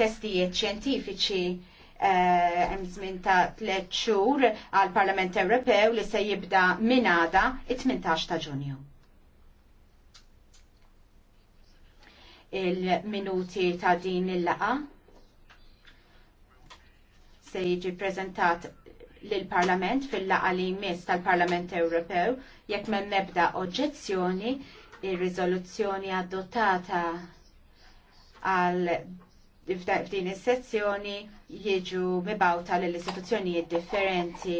testijiet xjentifiċi eh, hemm żmien ta' tliet xhur għall Parlament Ewropew li se jibda minada it-18 ta' Ġunju. Il-minuti ta' din il-laqa se jiġi prezentat lill-Parlament fil-laqa li jmiss tal-Parlament Ewropew jekk m'hemm ebda oġġezzjoni ir-riżoluzzjoni adottata għal f'din is-sezzjoni jiġu mibawta l-istituzzjonijiet differenti.